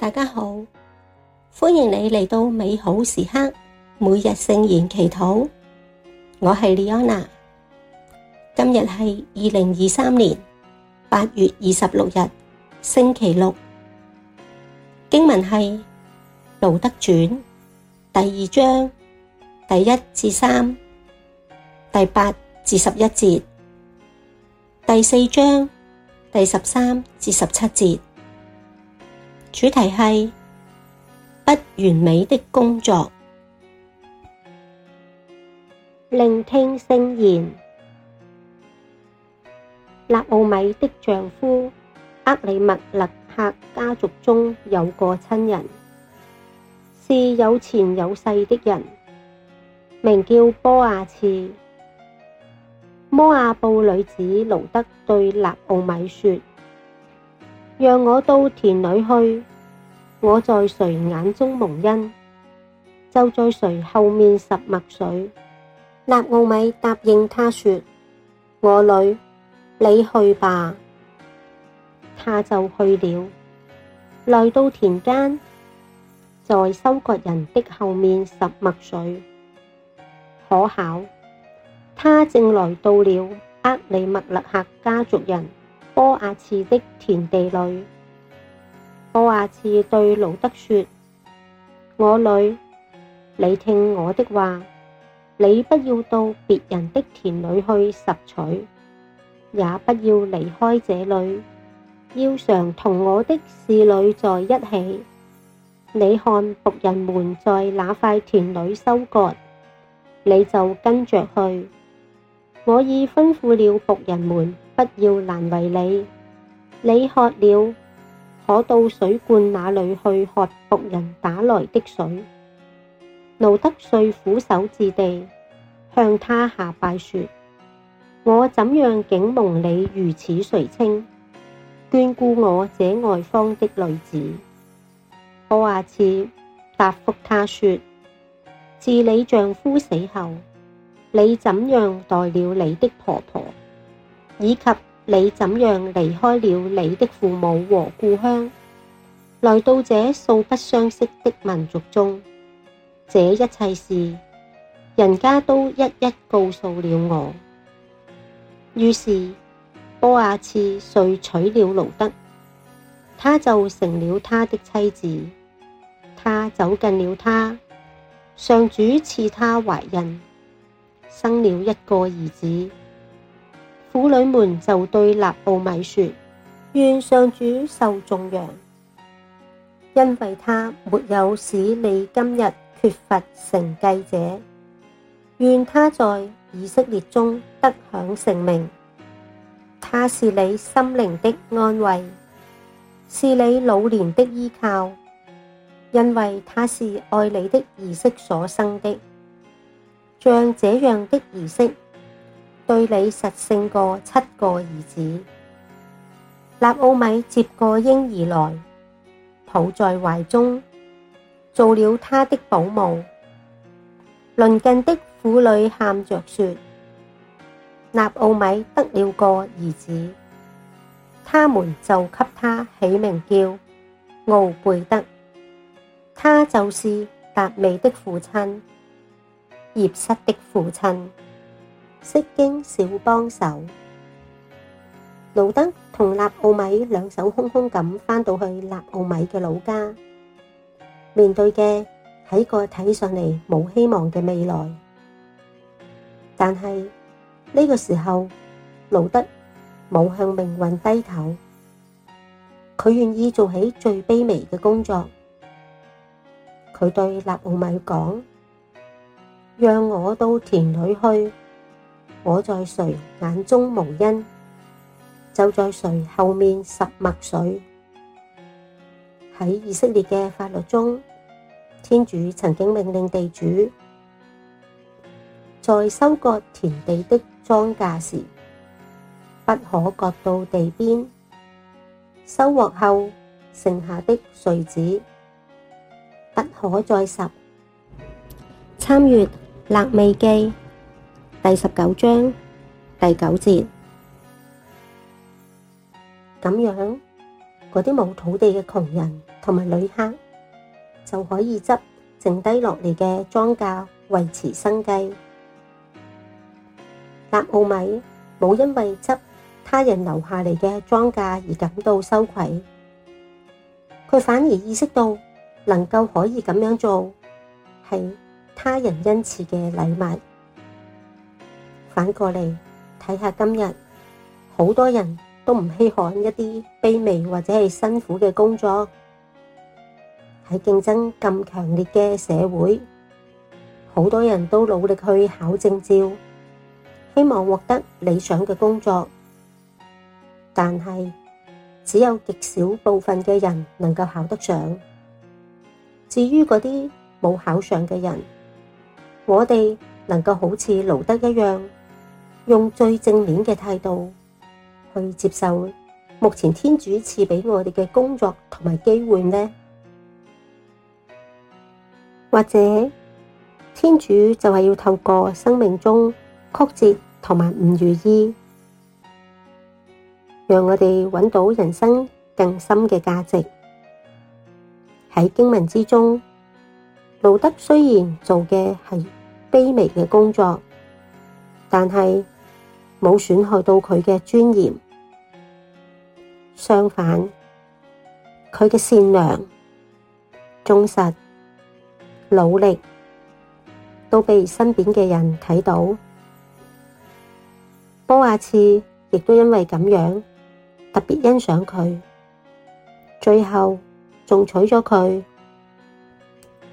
大家好，歡迎你嚟到美好時刻每日聖言祈禱。我係李安娜，今日係二零二三年八月二十六日星期六。經文係《盧德傳》第二章第一至三、第八至十一節，第四章第十三至十七節。主題係不完美的工作。聆聽聖言。納敖米的丈夫厄里默肋客家族中有個親人，是有錢有勢的人，名叫波阿次。摩阿布女子盧德對納敖米說。讓我到田裡去，我在誰眼中蒙恩，就在誰後面拾麥穗。納敖米答應他說：我女，你去吧。他就去了，來到田間，在收割人的後面拾麥穗。可巧，他正來到了厄里默肋客家族人。波阿次的田地裡，波阿次對盧德說：我女，你聽我的話，你不要到別人的田裡去拾取，也不要離開這裡，要常同我的使女在一起。你看僕人們在那塊田裡收割，你就跟着去。我已吩咐了僕人們。不要難為你，你渴了，可到水罐那裏去喝僕人打來的水。盧德遂俯首至地，向他下拜說：我怎樣竟蒙你如此垂青，眷顧我這外方的女子？波阿次答復他說：自你丈夫死後，你怎樣待了你的婆婆？以及你怎樣離開了你的父母和故鄉，來到這素不相識的民族中，這一切事，人家都一一告訴了我。於是，波阿次遂娶了盧德，他就成了他的妻子。他走近了他，上主賜他懷孕，生了一個兒子。婦女們就對納敖米說：願上主受頌揚，因為他沒有使你今日缺乏承繼者。願他在以色列中得享盛名，他是你心靈的安慰，是你老年的依靠，因為他是愛你的兒媳所生的。像這樣的兒媳。對你實勝過七個兒子，納奧米接過嬰兒來，抱在懷中，做了他的保姆。鄰近的婦女喊着說：納奧米得了個兒子。他們就給他起名叫奧貝德。他就是達味的父親，葉瑟的父親。釋經小幫手，盧德同納敖米兩手空空咁返到去納敖米嘅老家，面對嘅係個睇上嚟冇希望嘅未來。但係呢個時候，盧德冇向命運低頭，佢願意做起最卑微嘅工作。佢對納敖米講：「讓我到田裡去。」我在誰眼中蒙恩，就在誰後面拾麥穗。喺以色列嘅法律中，天主曾經命令地主，在收割田地的莊稼時，不可割到地邊。收穫後剩下的穗子，不可再拾。參閱《肋未紀》。第十九章第九節，咁樣嗰啲冇土地嘅窮人同埋旅客就可以執剩低落嚟嘅莊稼維持生計。納敖米冇因為執他人留下嚟嘅莊稼而感到羞愧，佢反而意識到能夠可以咁樣做係他人恩賜嘅禮物。反過嚟睇下，今日好多人都唔稀罕一啲卑微或者係辛苦嘅工作。喺競爭咁強烈嘅社會，好多人都努力去考證照，希望獲得理想嘅工作。但係只有極少部分嘅人能夠考得上。至於嗰啲冇考上嘅人，我哋能夠好似盧德一樣。用最正面嘅態度去接受目前天主賜俾我哋嘅工作同埋機會呢？或者天主就係要透過生命中曲折同埋唔如意，讓我哋揾到人生更深嘅價值。喺經文之中，盧德雖然做嘅係卑微嘅工作，但係。冇損害到佢嘅尊嚴，相反，佢嘅善良、忠實、努力，都被身邊嘅人睇到。波阿次亦都因為咁樣特別欣賞佢，最後仲娶咗佢。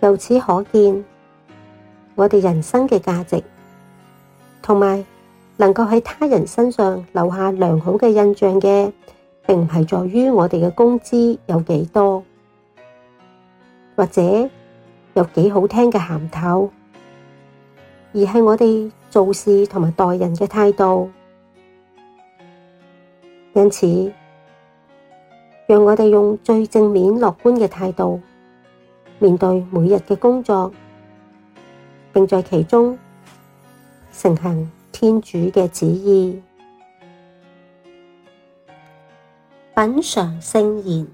由此可見，我哋人生嘅價值，同埋。能夠喺他人身上留下良好嘅印象嘅，並唔係在於我哋嘅工資有幾多，或者有幾好聽嘅銜頭，而係我哋做事同埋待人嘅態度。因此，讓我哋用最正面樂觀嘅態度，面對每日嘅工作，並在其中承行。天主嘅旨意，品嘗聖言。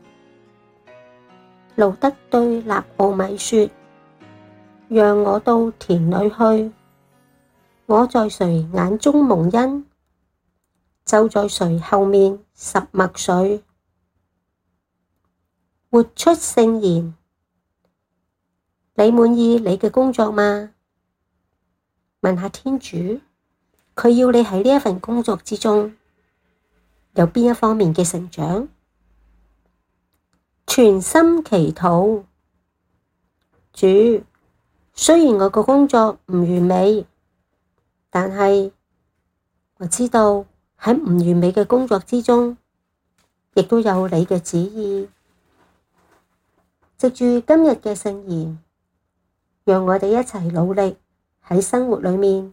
路德對納奧米說：「讓我到田裡去。我在誰眼中蒙恩，就在誰後面拾麥穗。」活出聖言，你滿意你嘅工作嗎？問下天主。佢要你喺呢一份工作之中有邊一方面嘅成長？全心祈禱，主，雖然我個工作唔完美，但係我知道喺唔完美嘅工作之中，亦都有你嘅旨意。藉住今日嘅聖言，讓我哋一齊努力喺生活裏面，